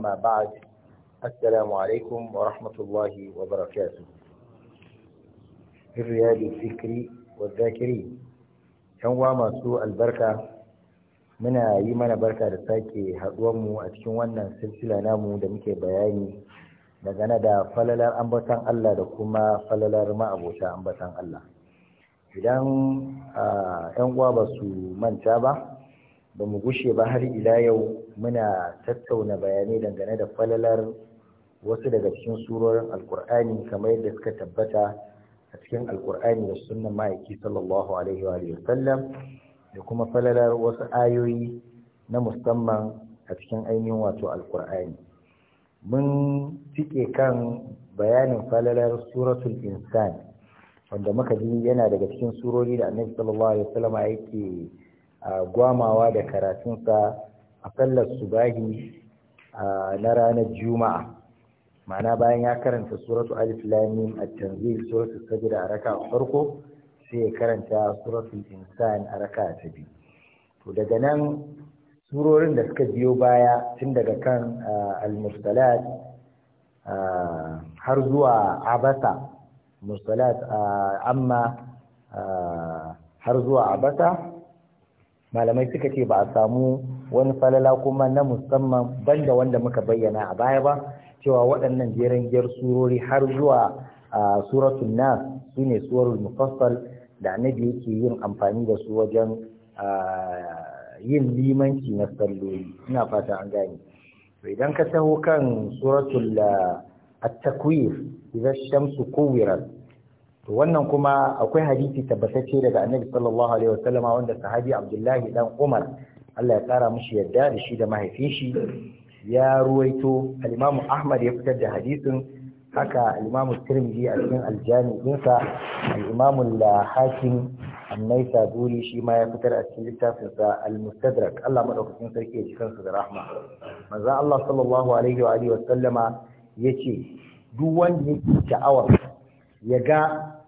أما بعد السلام عليكم ورحمة الله وبركاته الرياض الفكري والذاكري yanwa masu albarka muna yi mana barka da sake mu a cikin wannan silsila namu da muke bayani da falalar ambatan Allah da kuma falalar ma'abota ambatan Allah idan ah, yan uwa ba su manta ba ba mu gushe ba har ila yau muna tattauna bayanai dangane da falalar wasu daga cikin surorin alkur'ani kamar yadda suka tabbata a cikin alkur'ani da sunan ma'aiki sallallahu alaihi wa sallam da kuma falalar wasu ayoyi na musamman a cikin ainihin wato alkur'ani mun cike kan bayanin falalar suratul insan wanda muka ji yana daga cikin surori da annabi sallallahu alaihi yake ah, gwamawa da karatunsa a subahi na ranar juma'a ma'ana bayan ya karanta suratu alif lamim at-tanzil suratu sajda a raka farko sai ya karanta suratu insan a raka ta biyu to daga nan surorin da suka biyo baya tun daga kan al-mursalat har zuwa abasa amma har zuwa abasa malamai suka ce ba a samu wani falala kuma na musamman banda wanda muka bayyana a baya ba cewa waɗannan jeren giyar surori har zuwa suratun nas su ne suwarul mufassal da annabi yake yin amfani da su wajen yin limanci na salloli ina fata an gane idan ka taho kan suratul at-takwir idan shamsu kuwirat to wannan kuma akwai hadisi tabbatacce daga annabi sallallahu alaihi wanda sahabi abdullahi dan umar Allah ya ƙara mishi yadda da shi da mahaifin shi ya ruwaito alimamu Ahmad ya fitar da hadisin haka alimamu Tirmidhi a cikin aljami jami dinsa al-Imam shima shi ma ya fitar a cikin littafin sa al-Mustadrak Allah madaukakin sarki ya ji kansa da rahma manzo Allah sallallahu alaihi wa alihi wa sallama yace duk wanda yake sha'awar ya ga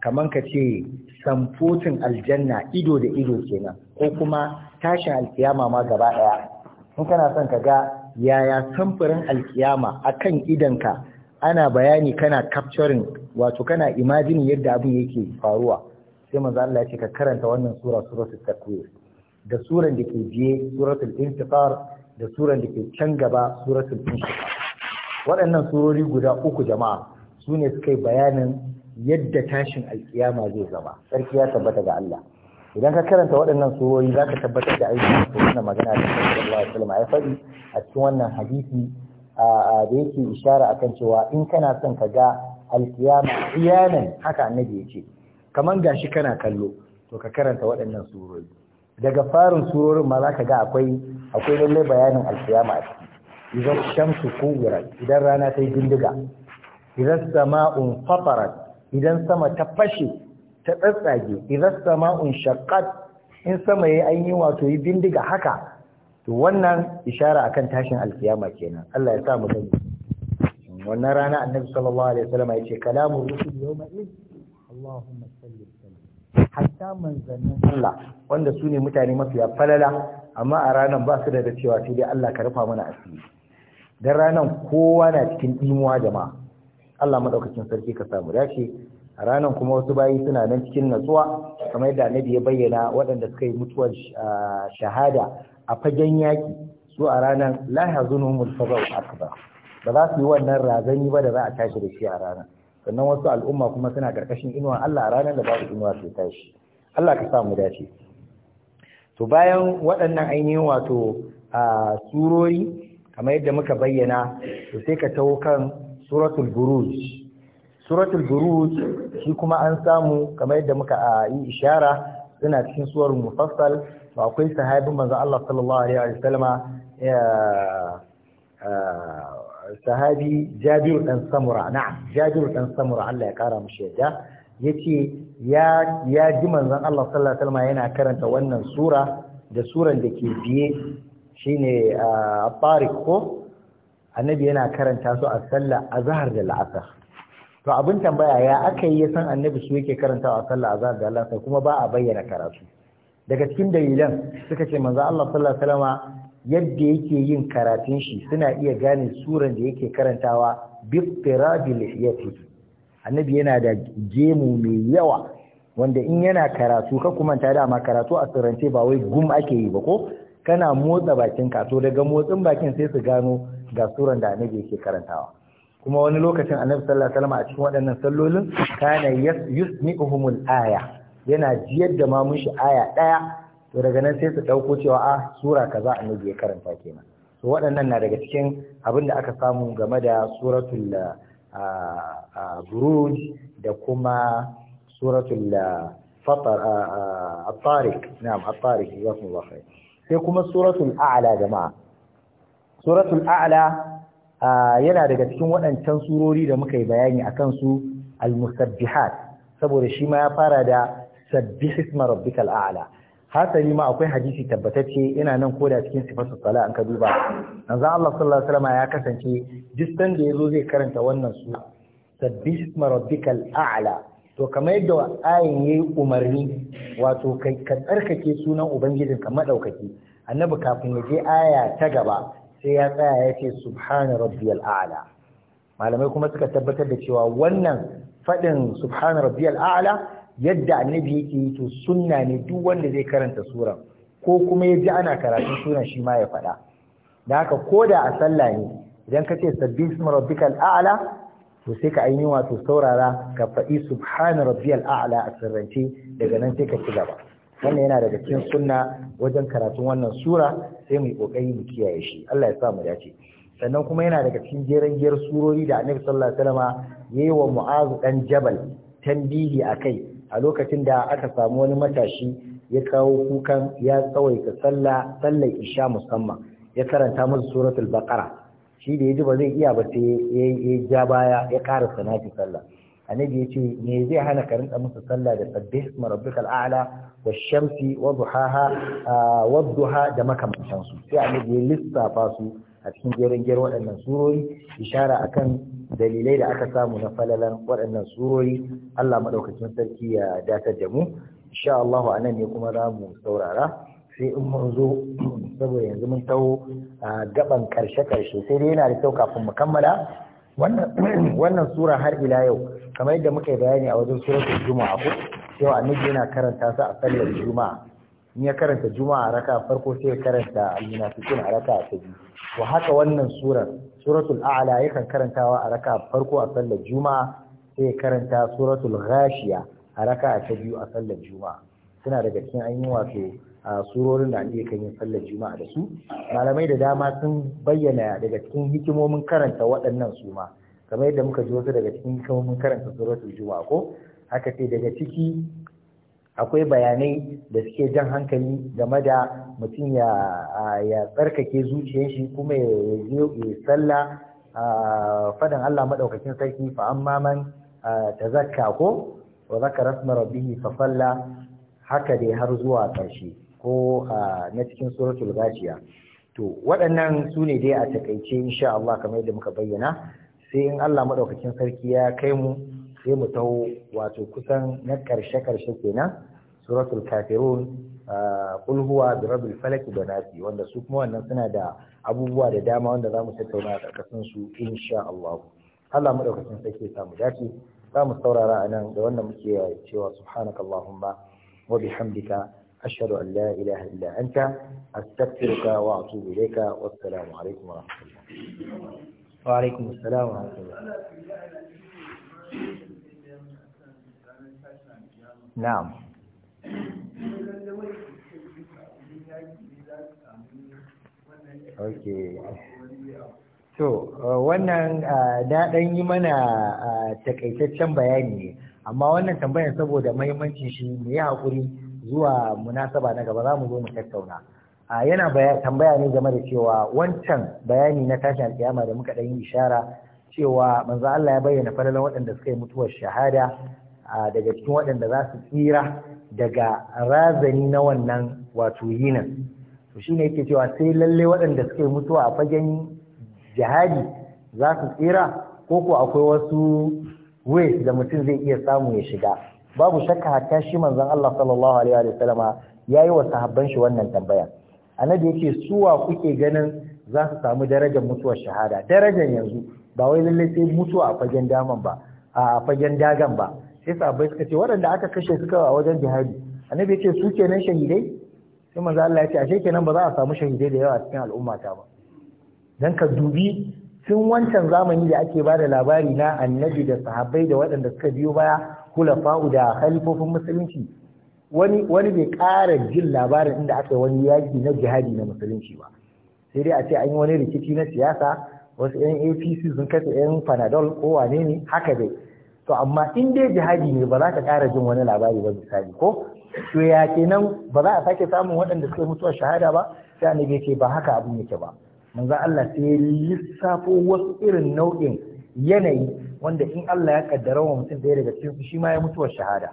kaman ka ce samfotin aljanna ido da ido kenan ko kuma tashin alkiyama ma gaba ɗaya in kana son ka ga yaya samfurin alkiyama akan idanka ana bayani kana capturing wato kana imagine yadda abin yake faruwa sai manzo Allah ya ce ka karanta wannan sura suratul takwir da suran da ke biye suratul intiqar da suran da ke can gaba suratul intiqar waɗannan surori guda uku jama'a sune ne suka yi bayanin yadda tashin alkiyama zai zama sarki ya tabbata ga Allah idan ka karanta waɗannan surori za ka tabbatar da aiki ko wannan magana da sallallahu alaihi wasallam ya faɗi a cikin wannan hadisi da yake ishara akan cewa in kana son ka ga alkiyama iyanan haka annabi ya kamar ga gashi kana kallo to ka karanta waɗannan surori daga farin surorin ma za ka ga akwai akwai lalle bayanin alkiyama a ciki idan shamsu kuwirat idan rana ta yi bindiga idan sama'un fafarat idan sama ta fashe ta tsatsage idan sama'un shaqqat in sama yayi an yi wato yi bindiga haka to wannan ishara akan tashin alkiyama kenan Allah ya sa mu gani wannan rana annabi sallallahu alaihi wasallam ya ce kalamu rusul yawma id Allahumma salli hatta manzannin Allah wanda su ne mutane mafiya falala amma a ranar ba su da cewa sai dai Allah ka rufa mana asiri dan ranan kowa na cikin imuwa jama'a Allah madaukakin sarki ka samu dace a ranar kuma wasu bayi suna nan cikin natsuwa kamar yadda annabi ya bayyana waɗanda suka yi mutuwar ah, shahada a fagen yaƙi su a ranar la yazunuhumul faza'u akbar ba za su yi wannan razani ba da za a tashi da shi a ranar sannan wasu al'umma kuma suna karkashin inuwa Allah a ranar da babu inuwa su tashi Allah ka sa mu dace to bayan waɗannan ainihin wato ah, surori kamar yadda muka bayyana to sai ka tawo kan suratul buruj suratul buruj shi kuma an samu kamar yadda muka yi ishara suna cikin suwar mufassal to akwai sahabin manzo Allah sallallahu alaihi wasallama sahabi Jabir dan Samura na'am Jabir dan Samura Allah ya kara mu yadda yace ya ya ji manzon Allah sallallahu alaihi wasallama yana karanta wannan sura da suran da ke biye shine a tariq ko annabi yana karanta su a sallah azhar da al'asr to abin tambaya ya aka yi san annabi su yake karantawa sallah azhar da Allah kuma ba a bayyana karatu daga cikin dalilan suka ce manzo Allah sallallahu alaihi wasallama yadda yake yin karatun shi suna iya gane suran da yake karantawa biftirabi yati annabi yana da gemu mai yawa wanda in yana karatu ka kuma ta dama karatu a sirrance ba wai gum ake yi ba ko kana motsa bakin ka to daga motsin bakin sai su gano ga suran da annabi yake karantawa kuma wani lokacin annabi sallallahu alaihi wasallam a cikin waɗannan sallolin kana yusmi'uhumul aya yana jiyar da ma mushi aya daya to daga nan sai su dauko cewa a ah, sura kaza annabi ya karanta kenan to waɗannan na daga cikin abin da aka samu game da suratul ah, ah, buruj da kuma suratul fatar at-tariq na'am at-tariq wa sai kuma suratul a'la jama'a suratul a'la yana daga cikin waɗancan surori da muka yi bayani a kansu al-musabbihat saboda shi ma ya fara da sabbih isma rabbikal a'la hasali ma akwai hadisi tabbatacce yana nan koda cikin sifatu sala an ka duba manzo Allah sallallahu alaihi wasallam ya kasance duk sanda yazo zai karanta wannan sura sabbih isma rabbikal a'la to kamar yadda ayin yayi umarni wato kai ka tsarkake sunan ubangijinka madaukaki annabi kafin ya je aya ta gaba sai ya tsaya ya ce subhana rabbiyal a'la malamai kuma suka tabbatar da cewa wannan faɗin subhana rabbiyal a'la yadda annabi yake yi to sunna ne duk wanda zai karanta suran ko kuma ya ji ana karatun suran shi ma ya faɗa da haka ko da a sallah ne idan ka ce sabbin ismi rabbikal a'la to sai ka ainihin wato saurara ka faɗi subhana rabbiyal a'la a sirrance daga nan sai ka ci gaba wannan yana daga cikin sunna wajen karatun wannan sura sai mu yi kokari mu kiyaye shi Allah ya sa mu dace sannan kuma yana daga cikin jeren jer surori da Annabi sallallahu alaihi wasallam yayi wa Mu'az dan Jabal tambihi akai a lokacin da aka samu wani matashi ya kawo kukan ya tsawaita sallah sallar isha musamman ya karanta musu suratul baqara shi da yaji ba zai iya ba sai ya ja baya ya ƙara sanati sallah annabi yace me zai hana ka rinka musu sallah da sabbih isma rabbikal a'la wash-shamsi wa duhaha duha da makamantan su sai annabi ya lissafa su a cikin jerin jerin waɗannan surori ishara akan dalilai da aka samu na falalan waɗannan surori Allah madaukakin sarki ya datar da mu insha Allah anan ne kuma za mu saurara sai in mun zo saboda yanzu mun taho gaban karshe karshe sai dai yana da kyau kafin mu kammala wannan sura har ila yau kamar yadda muka yi bayani a wajen suratul juma'a ko yau annabi yana karanta su a sallar juma'a in ya karanta juma'a raka farko sai ya karanta almunafiqun a raka ta biyu to haka wannan surar suratul a'la yakan karantawa a raka farko a sallar juma'a sai ya karanta suratul ghashiya a raka ta biyu a sallar juma'a suna daga cikin ainihin wato a surorin da ake kan yin sallar juma'a da su malamai da dama sun bayyana daga cikin hikimomin karanta waɗannan su ma kamar yadda muka ji wasu daga cikin kuma karanta suratul juma'a ko haka ce daga ciki akwai bayanai da suke jan hankali game da mutum ya tsarkake zuciyar shi kuma ya yi sallah fadan Allah madaukakin sarki fa amma man tazakka ko wa zakara asma rabbih fa salla haka dai har zuwa ƙarshe ko na cikin suratul gashiya to waɗannan su ne dai a takaice insha Allah kamar yadda muka bayyana sai in Allah maɗaukakin sarki ya kai mu sai mu taho wato kusan na ƙarshe-ƙarshe kenan suratul kafirun qul huwa bi rabbil falaq da nasi wanda su kuma wannan suna da abubuwa da dama wanda zamu tattauna a su insha Allah Allah madaukakin sarki ya samu dace zamu saurara a nan da wannan muke cewa subhanakallahumma wa bihamdika ashhadu an la ilaha illa anta astaghfiruka wa atubu ilayka wassalamu alaikum wa rahmatullahi wa السلام assalam الله نعم na'am to wannan daɗan yi mana takaitaccen bayani ne amma wannan tambayar saboda mahimmancin shi mu yi haƙuri zuwa munasaba na gaba za mu zo mu tattauna a yana tambaya ne game da cewa wancan bayani na tashin alkiyama da muka ɗan yi ishara cewa manzo Allah ya bayyana falalan waɗanda suka yi mutuwar shahada daga cikin waɗanda za su tsira daga razani na wannan wato yinan to shine yake cewa sai lalle waɗanda suka yi mutuwa a fagen jihadi za su tsira ko ko akwai wasu ways da mutum zai iya samu ya shiga babu shakka hatta shi manzon Allah sallallahu alaihi wa sallama yayi wa sahabban shi wannan tambaya annabi yake suwa kuke ganin za su samu darajar mutuwar shahada darajar yanzu ba wai lallai sai mutuwa a fagen daman ba a fagen dagan ba sai sahabbai suka ce waɗanda aka kashe suka a wajen jihadi annabi yake su kenan shahidai sai manzo Allah ya ce ashe kenan ba za a samu shahidai da yawa cikin al'umma ta ba dan ka dubi tun wancan zamani da ake bada labari na annabi da sahabbai da waɗanda suka biyo baya kulafa'u da khalifofin musulunci wani wani bai ƙara jin labarin inda aka wani yaƙi na jihadi na musulunci ba sai dai a ce an yi wani rikici na siyasa wasu yan apc sun kasa yan panadol ko wane ne haka dai to amma in dai jihadi ne ba za ka ƙara jin wani labari ba misali ko to ya kenan ba za a sake samun waɗanda suka mutuwa shahada ba sai annabi ce ba haka abin yake ba manzo Allah sai ya lissafo wasu irin nau'in yanayi wanda in Allah ya kaddara wa mutum ɗaya daga cikin shi ma ya mutuwa shahada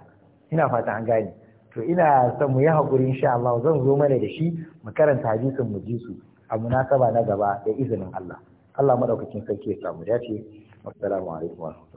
ina fata an gane to ina son mu yi haƙuri insha Allah zan zo mana da shi mu karanta hadisin mu ji su a munasaba na gaba da izinin Allah Allah madaukakin sarki ya samu dace assalamu alaikum